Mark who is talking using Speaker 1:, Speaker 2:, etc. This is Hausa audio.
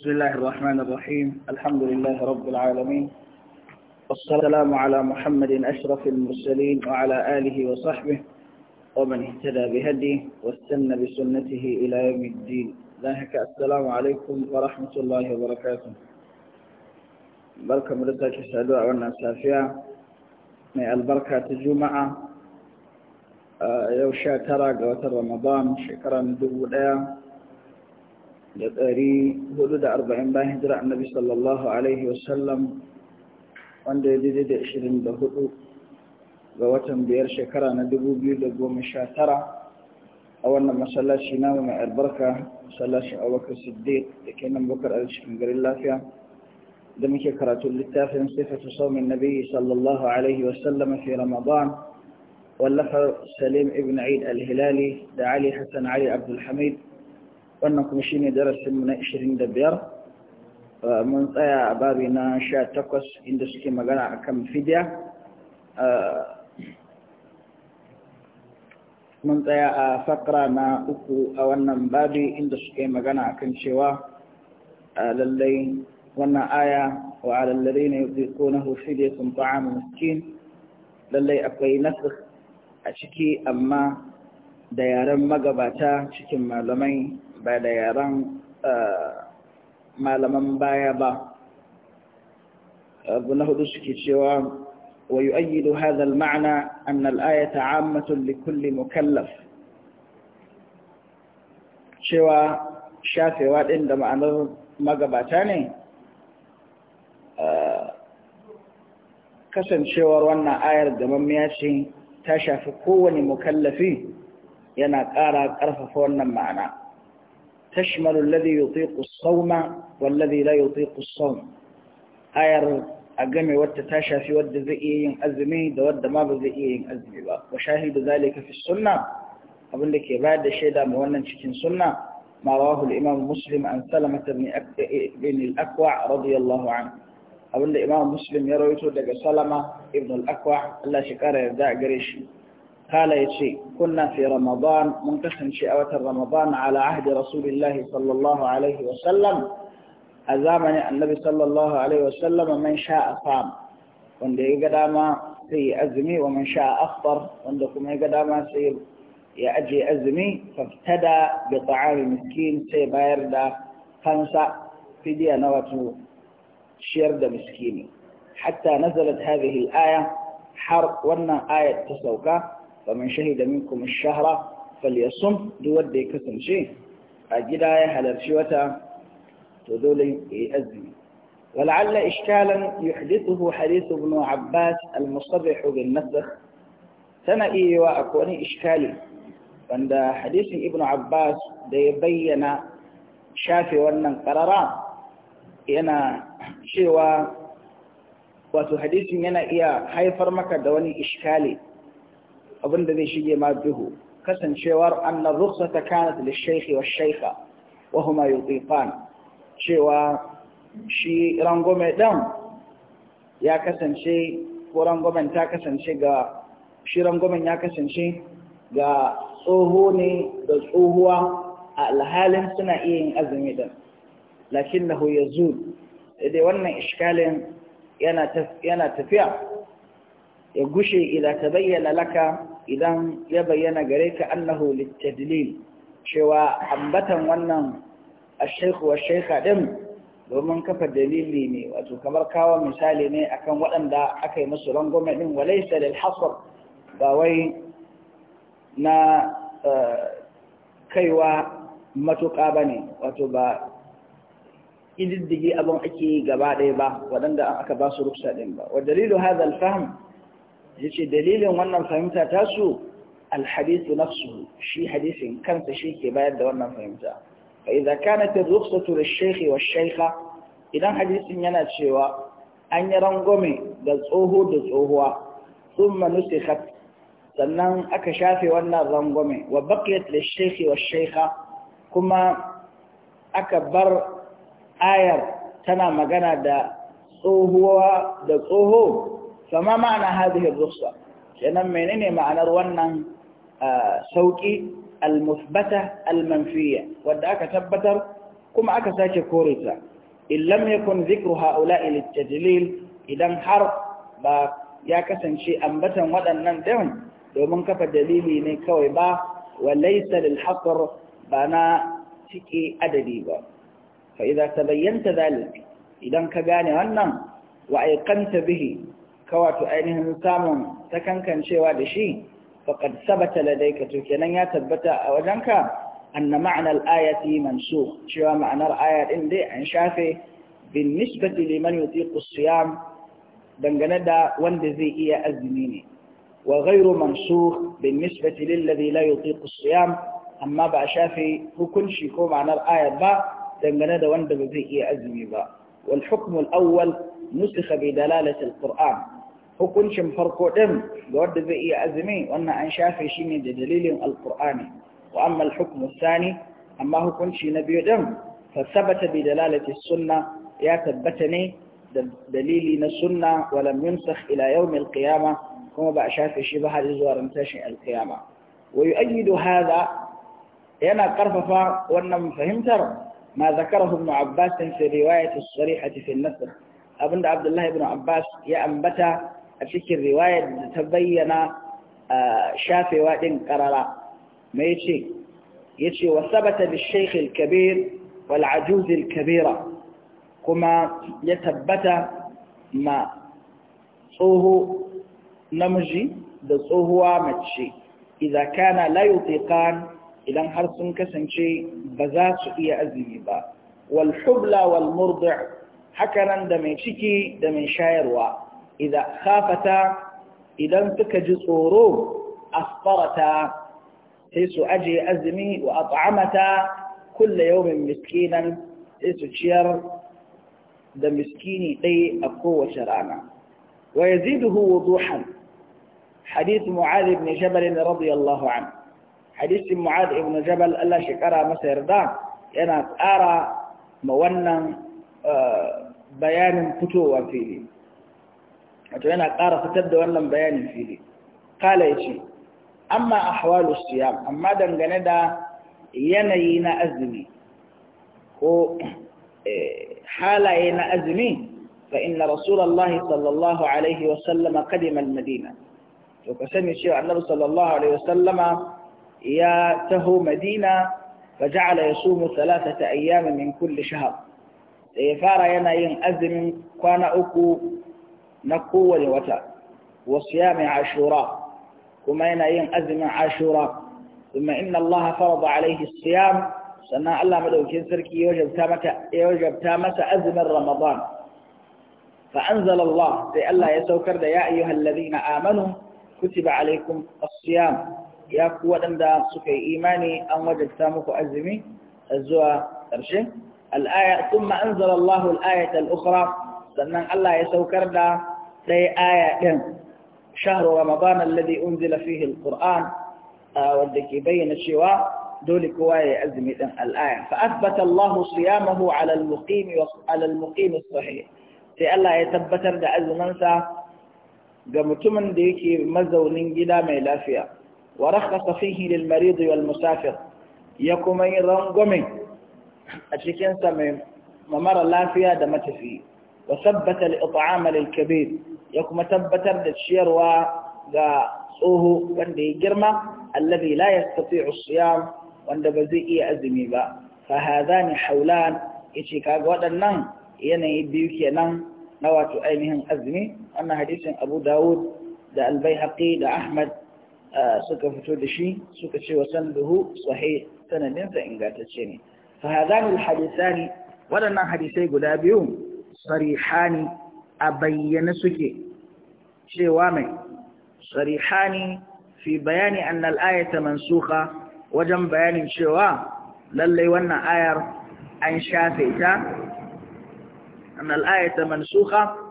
Speaker 1: بسم الله الرحمن الرحيم الحمد لله رب العالمين والسلام على محمد أشرف المرسلين وعلى آله وصحبه ومن اهتدى بهديه واستنى بسنته إلى يوم الدين لاحك السلام عليكم ورحمة الله وبركاته بركة مرتك سعداء والنسافية من البركة الجمعة آه، يوشا ترى وتر رمضان شكرا دولا يطري هدود أربعين باهدر عن النبي صلى الله عليه وسلم وانده دي دي بهدو بواتن بير شكرا ندبو بيود ابو مشاترا اوانا ما صلاشي ناوما اربركة صلاشي اوك السديد لكينا مبكر الشكين قري الله فيها دمك كرات للتافة من صفة صوم النبي صلى الله عليه وسلم في رمضان واللفر سليم ابن عيد الهلالي دعالي حسن علي عبد الحميد wannan kuma shi ne darasinmu na 25 uh, mun tsaya a babi na 18 inda suke magana akan fidya uh, mun tsaya a fakra na uku a wannan babi inda suke magana akan cewa uh, lallai wannan aya wa alallari ne yudhikunahu fidyatun ta'amu miskin lallai akwai nasakh a ciki amma da yaren magabata cikin malamai ba da yaran eh, malaman baya ba abu na hudu suke cewa ويؤيد هذا المعنى أن الآية عامة لكل مكلف شوى شافي وادين دم ma'anar magabata ne. Eh, kasancewar wannan ayar da mammiya ce ta shafi kowane mukallafi yana ƙara ƙarfafa wannan ma'ana تشمل الذي يطيق الصوم والذي لا يطيق الصوم آير أقمي والتتاشى في ود ذئيين أزمي دود ما بذئيين أزمي وشاهد ذلك في السنة أقول لك بعد شيدا مونا شكين سنة ما رواه الإمام مسلم عن سلمة بن, أك... بن الأكوع رضي الله عنه أقول الإمام مسلم يرويته لك سلمة ابن الأكوع الله شكرا يبدأ قريشي قال يشي كنا في رمضان منقسم شئوة رمضان على عهد رسول الله صلى الله عليه وسلم أزامن النبي صلى الله عليه وسلم من شاء صام وندي قداما سي أزمي ومن شاء أفطر وندكم قداما في يأجي أزمي فابتدى بطعام مسكين سي بايردا خمسة في دي نوته شيرد مسكيني حتى نزلت هذه الآية حرق ونا آية تسوكه ومن شهد منكم الشهر فليصم دودي كسم شيء أجدا يهلر شوتا تذولي يأذن إيه ولعل إشكالا يحدثه حديث ابن عباس المصرح بالنسخ سنة إيواء أكوني إشكالي عند حديث ابن عباس يبين شافي وأن قرر ينا شوى وتحديث ينا إيا حيفر مكة دوني إشكالي abin da zai shige ma duhu kasancewar annar rukhsata kanat lishaykhi wash-shaykha wa huma yutiqan cewa shi rangome dan ya kasance ko rangomen ta kasance ga shi rangomen ya kasance ga tsoho ne da tsohuwa a alhalin suna iya yin azumi din lakin na huyazul dai wannan iskalin yana tafiya ya gushe idan ta bayyana laka idan ya bayyana gare ka annahu littadlil cewa ambatan wannan ashaikhu wa shaikha din domin kafa dalili ne wato kamar kawo misali ne akan waɗanda aka yi musu rangwame din walaysa lil hasr ba wai na eh, kaiwa matuƙa ba ne wato ba ƙididdige abin ake gaba ɗaya ba waɗanda aka ba su rufsa ɗin ba wa dalilu hadha al-fahm yace dalilin wannan fahimta tasu su alhadisu nafsu shi hadisin kansa shi ke bayar da wannan fahimta fa idza kanat ar-rukhsatu lish-shaykhi wash-shaykha idan hadisin yana cewa anyi yi da tsoho da tsohuwa thumma nusikhat sannan aka shafe wannan rangwame wa baqiyat lish-shaykhi wash kuma aka bar ayar tana magana da tsohuwa da tsoho fama ma'ana hadihin rufsa kenan menene ma'anar wannan sauƙi almusbata almanfiya wadda aka tabbatar kuma aka sake kore ta illam yakun zikru haula ilittajlil idan har ba ya kasance ambatan waɗannan ɗin domin kafa dalili ne kawai ba wa laisa lil bana ba adadi ba fa idza tabayyanta dhalik idan ka gane wannan wa aiqanta bihi kawato ainihin samun kankancewa da shi faqad sabata ladayka to kenan ya tabbata a wajenka anna ma'anar ayati mansukh cewa ma'anar aya din dai an shafe bin nisbati liman yutiqu siyam dangane da wanda zai iya azumi ne wa ghayru mansukh bin nisbati lil ladhi la yutiqu siyam amma ba shafe hukunci ko ma'anar aya ba dangane da wanda ba zai iya azumi ba wal hukm al-awwal nusikha bi dalalati al hukuncin farko ɗin ga wanda zai iya azumi wannan an shafe shi ne da dalilin alkur'ani wa amma sani amma hukunci na biyu ɗin fasabata sabata bi dalalati sunna ya tabbata ne da dalili na sunna wa yunsakh ila yawm alqiyama kuma ba a shafe shi ba har zuwa ran tashin alqiyama wa yu'ayyidu hadha yana karfafa wannan fahimtar ما ذكره ابن عباس في رواية الصريحة في النصر أبن عبد الله بن عباس يا a cikin riwayar da ta bayyana shafewa ɗin ƙarara mai ce ya ce wa sabata da sheikh kabir wal ajuz kabira kuma ya tabbata ma tsoho namiji da tsohuwa mace idan kana layu yutiqan idan har sun kasance ba za su iya azumi ba wal hubla wal murdi' hakanan da mai ciki da mai shayarwa إذا خافتا إذا تكج صورو أفطرتا حيث أجي أزمي وأطعمتا كل يوم مسكينا حيث تشير ذا مسكيني أي أقوى شرانا ويزيده وضوحا حديث معاذ بن جبل رضي الله عنه حديث معاذ بن جبل ألا شكرا مسير دا أنا أرى مونا آه، بيان فتوى فيه wato yana ƙara fitar da wannan bayanin fili kala ya ce amma ahwalu siyam amma dangane da yanayi na azumi ko halaye na azumi fa inna rasulullahi sallallahu alaihi wa sallama kadima al-madina to ka sani cewa annabi sallallahu alaihi wa sallama ya taho madina fa ja'ala yasumu thalathata ayyam min kulli shahr sai fara yana yin azumin kwana uku na kowane wata wasu ya mai ashura kuma yana yin azumin ashura kuma inna Allah farada alaihi siyam sannan Allah madaukin sarki ya wajabta mata ya wajabta mata azumin ramadan fa anzala Allah sai Allah ya saukar da ya ayyuhal ladina amanu kutiba alaikum as-siyam ya ku wadanda suka yi imani an wajabta muku azumi zuwa al-aya thumma anzala Allah al-ayata al-ukhra sannan Allah ya saukar da ɗaya aya ɗin shahru ramadan alladhi unzila fihi alquran wadda ke bayyana cewa dole kowa ya azumi ɗin al'aya fa Allah siyamahu ala al wa al sai Allah ya tabbatar da azumin sa ga mutumin da yake mazaunin gida mai lafiya wa rakhasa fihi lil marid wal musafir ya kuma yi rangwame a cikin sa mai mara lafiya da matafi wa sabbata al kabir ya kuma tabbatar da ciyarwa ga tsoho wanda ya girma allazi la yastati'u siyam wanda ba zai iya azumi ba fa hadani ya yace kaga waɗannan yanayi biyu kenan na wato ainihin azumi wannan hadisin Abu Dawud da Al-Baihaqi da Ahmad suka fito da shi suka ce wa sanduhu sahih sanadinsa ingantacce ne fa hadani al-hadisani waɗannan hadisai guda biyu sarihani a bayyane suke cewa mai sarihani fi bayani annal ayata mansuka wajen bayanin cewa lallai wannan ayar an shafe ta annal ayata mansuka